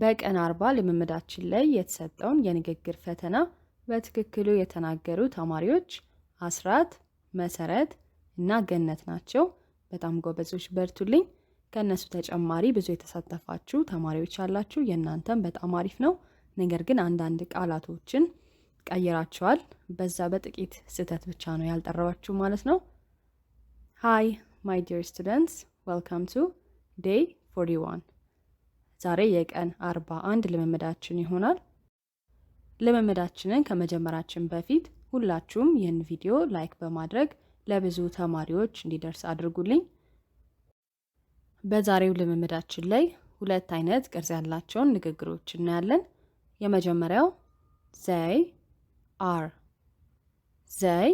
በቀን አርባ ልምምዳችን ላይ የተሰጠውን የንግግር ፈተና በትክክሉ የተናገሩ ተማሪዎች አስራት፣ መሰረት እና ገነት ናቸው። በጣም ጎበዞች፣ በርቱልኝ። ከእነሱ ተጨማሪ ብዙ የተሳተፋችሁ ተማሪዎች አላችሁ። የእናንተም በጣም አሪፍ ነው። ነገር ግን አንዳንድ ቃላቶችን ቀይራችኋል። በዛ በጥቂት ስህተት ብቻ ነው ያልጠረባችሁ ማለት ነው። ሃይ ማይ ዲር ስቱደንትስ ዌልካም ቱ ዴይ 41 ዛሬ የቀን አርባ አንድ ልምምዳችን ይሆናል። ልምምዳችንን ከመጀመራችን በፊት ሁላችሁም ይህን ቪዲዮ ላይክ በማድረግ ለብዙ ተማሪዎች እንዲደርስ አድርጉልኝ። በዛሬው ልምምዳችን ላይ ሁለት አይነት ቅርጽ ያላቸውን ንግግሮች እናያለን። የመጀመሪያው ዘይ አር ዘይ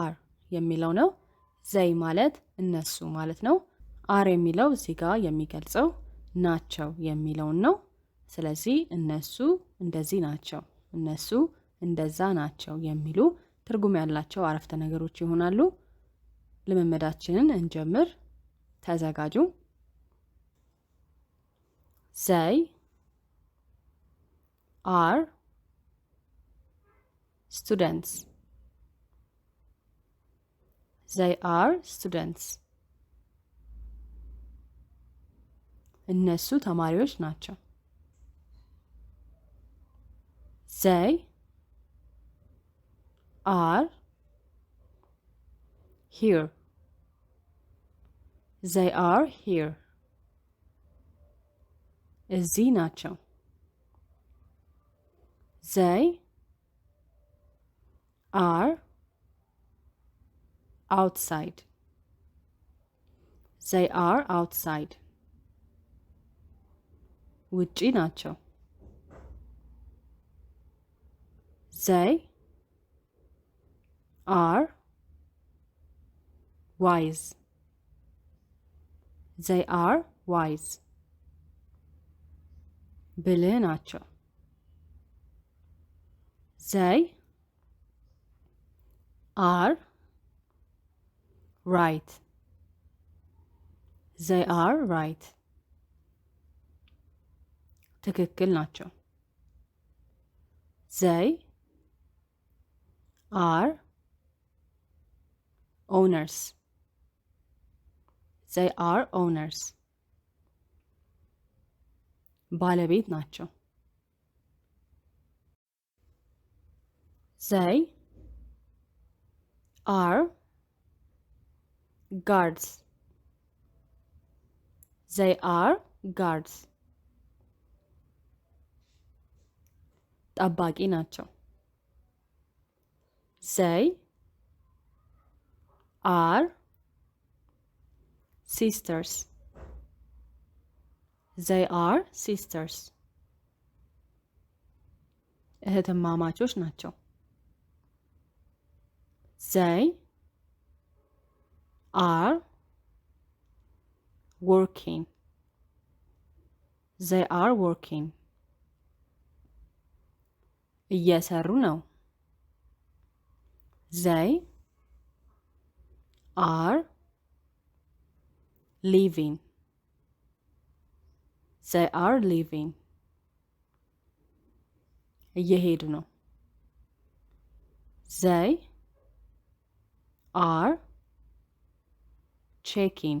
አር የሚለው ነው። ዘይ ማለት እነሱ ማለት ነው። አር የሚለው እዚህ ጋር የሚገልጸው ናቸው የሚለውን ነው። ስለዚህ እነሱ እንደዚህ ናቸው፣ እነሱ እንደዛ ናቸው የሚሉ ትርጉም ያላቸው አረፍተ ነገሮች ይሆናሉ። ልምምዳችንን እንጀምር። ተዘጋጁ። ዘይ አር ስቱደንትስ ዘይ አር ስቱደንትስ እነሱ ተማሪዎች ናቸው። ዘይ አር ሂር ዘይ አር ሂር እዚህ ናቸው። ዘይ አር አውትሳይድ ዘይ አር አውትሳይድ ውጪ ናቸው። ዘይ አር ዋይዝ ዘይ አር ዋይዝ ብልህ ናቸው። ዘይ አር ራይት ዘይ አር ራይት ትክክል ናቸው። ዘይ አር ኦውነርስ ዘይ አር ኦውነርስ ባለቤት ናቸው። ዘይ አር ጋርድስ ዘይ አር ጋርድስ ጠባቂ ናቸው። ዘይ አር ሲስተርስ ዘይ አር ሲስተርስ እህትማማቾች ናቸው። ዘይ አር ወርኪንግ ዘይ አር ወርኪንግ እየሰሩ ነው። ዘይ አር ሊቪንግ ዘይ አር ሊቪንግ እየሄዱ ነው። ዘይ አር ቼኪን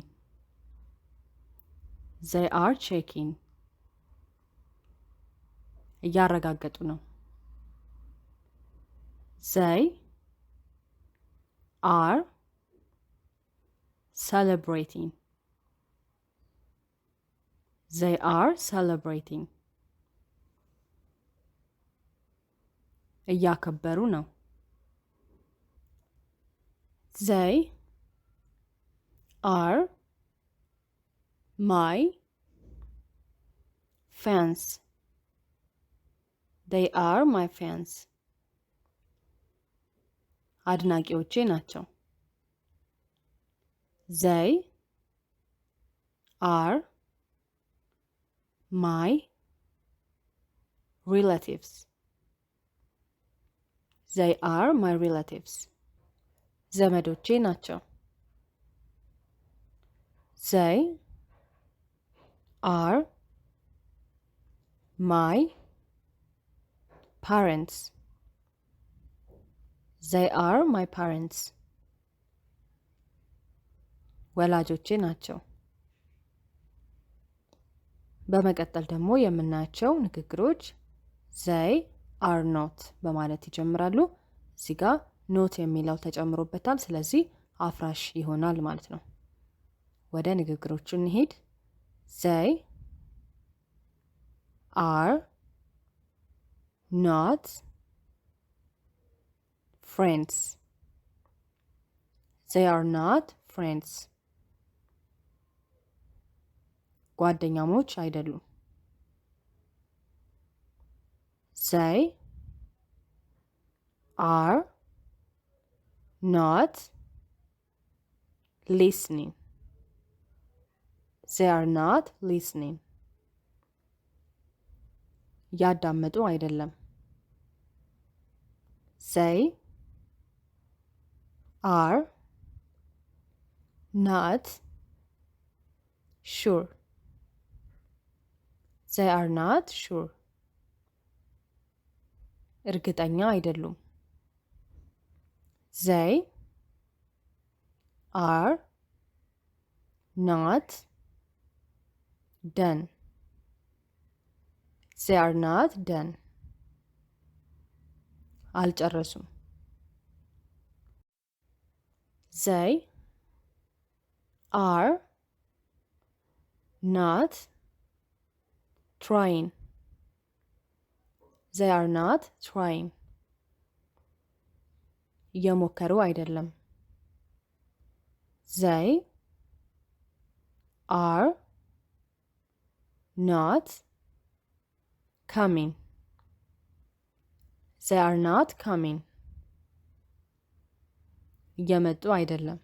ዘይ አር ቼኪን እያረጋገጡ ነው። They are celebrating. They are celebrating. እያከበሩ ነው። They are my fans. They are my fans. አድናቂዎቼ ናቸው። ዘይ አር ማይ ሪላቲቭስ ዘይ አር ማይ ሪላቲቭስ ዘመዶቼ ናቸው። ዘይ አር ማይ ፓረንትስ ዘይ አር ማይ ፓረንትስ ወላጆቼ ናቸው። በመቀጠል ደግሞ የምናያቸው ንግግሮች ዘይ አር ኖት በማለት ይጀምራሉ። እዚህ ጋር ኖት የሚለው ተጨምሮበታል። ስለዚህ አፍራሽ ይሆናል ማለት ነው። ወደ ንግግሮቹ እንሄድ ዘይ አር ኖት friends they are not friends ጓደኛሞች አይደሉም they are not listening they are not listening ያዳመጡ አይደለም they are not sure they are not sure እርግጠኛ አይደሉም they are not done they are not done አልጨረሱም they are not trying. They are not trying. እየሞከሩ አይደለም። they are not coming. They are not coming. እየመጡ አይደለም።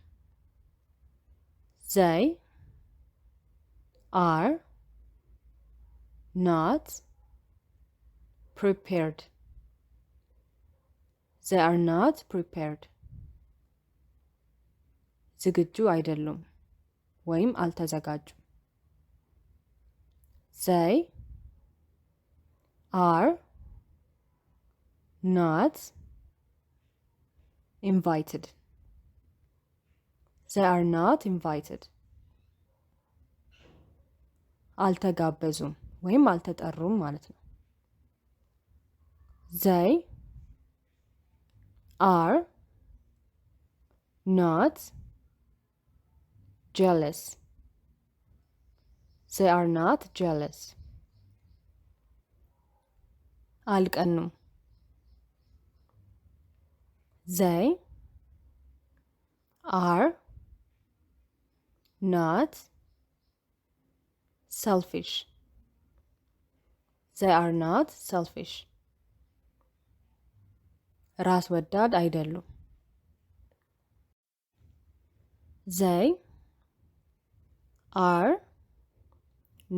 ዘይ አር ናት ፕሪፔርድ ዘይ አር ናት ፕሪፔርድ ዝግጁ አይደሉም ወይም አልተዘጋጁም። ዘይ አር ናት ኢንቫይትድ ዘይ አር ናት ኢንቫይትድ አልተጋበዙም ወይም አልተጠሩም ማለት ነው። ዘይ አር ናት ጀለስ ዘይ አር ናት ጀለስ አልቀኑም። ዘይ አር not selfish. They are not selfish. ራስ ወዳድ አይደሉም። they are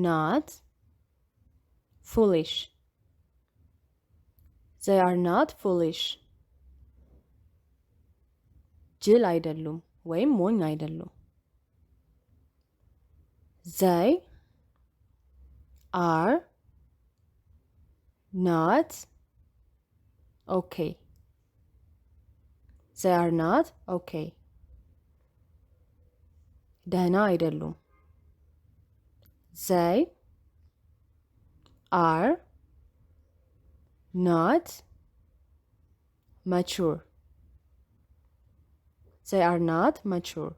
not foolish. they are not foolish. ጅል አይደሉም ወይም ሞኝ አይደሉም። they are not okay. They are not okay. ደህና አይደሉም። They are not mature. They are not mature.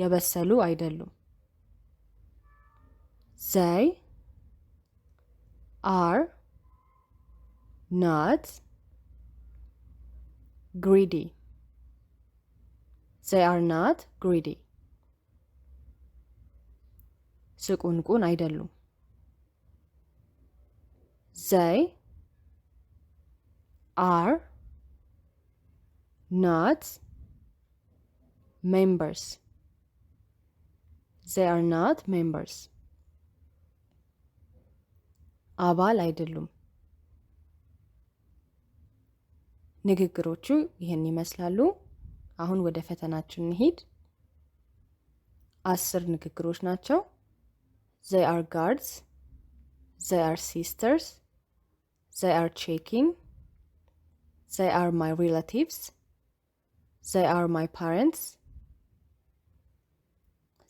የበሰሉ አይደሉም። ዘይ አር ናት ግሪዲ ዘይ አር ናት ግሪዲ ስቁንቁን አይደሉም። ዘይ አር ናት ሜምበርስ ዘይ አር ናት ሜምበርስ አባል አይደሉም። ንግግሮቹ ይህን ይመስላሉ። አሁን ወደ ፈተናችን እንሂድ። አስር ንግግሮች ናቸው። ዘይ አር ጋርድስ፣ ዘይ አር ሲስተርስ፣ ዘይ አር ቼኪንግ፣ ዘይ አር ማይ ሪላቲቭስ፣ ዘይ አር ማይ ፓረንትስ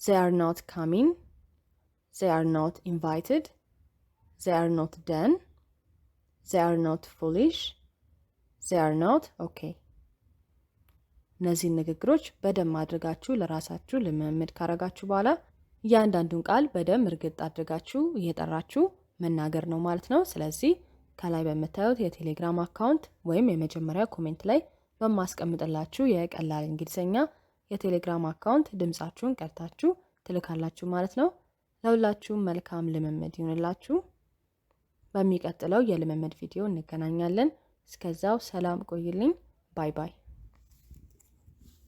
they are not coming they are not invited they are not done they are not foolish they are not okay እነዚህን ንግግሮች በደንብ አድርጋችሁ ለራሳችሁ ልምምድ ካረጋችሁ በኋላ እያንዳንዱን ቃል በደንብ እርግጥ አድርጋችሁ እየጠራችሁ መናገር ነው ማለት ነው። ስለዚህ ከላይ በምታዩት የቴሌግራም አካውንት ወይም የመጀመሪያ ኮሜንት ላይ በማስቀምጥላችሁ የቀላል እንግሊዝኛ የቴሌግራም አካውንት ድምጻችሁን ቀርታችሁ ትልካላችሁ ማለት ነው። ለሁላችሁም መልካም ልምምድ ይሁንላችሁ። በሚቀጥለው የልምምድ ቪዲዮ እንገናኛለን። እስከዛው ሰላም ቆይልኝ። ባይ ባይ።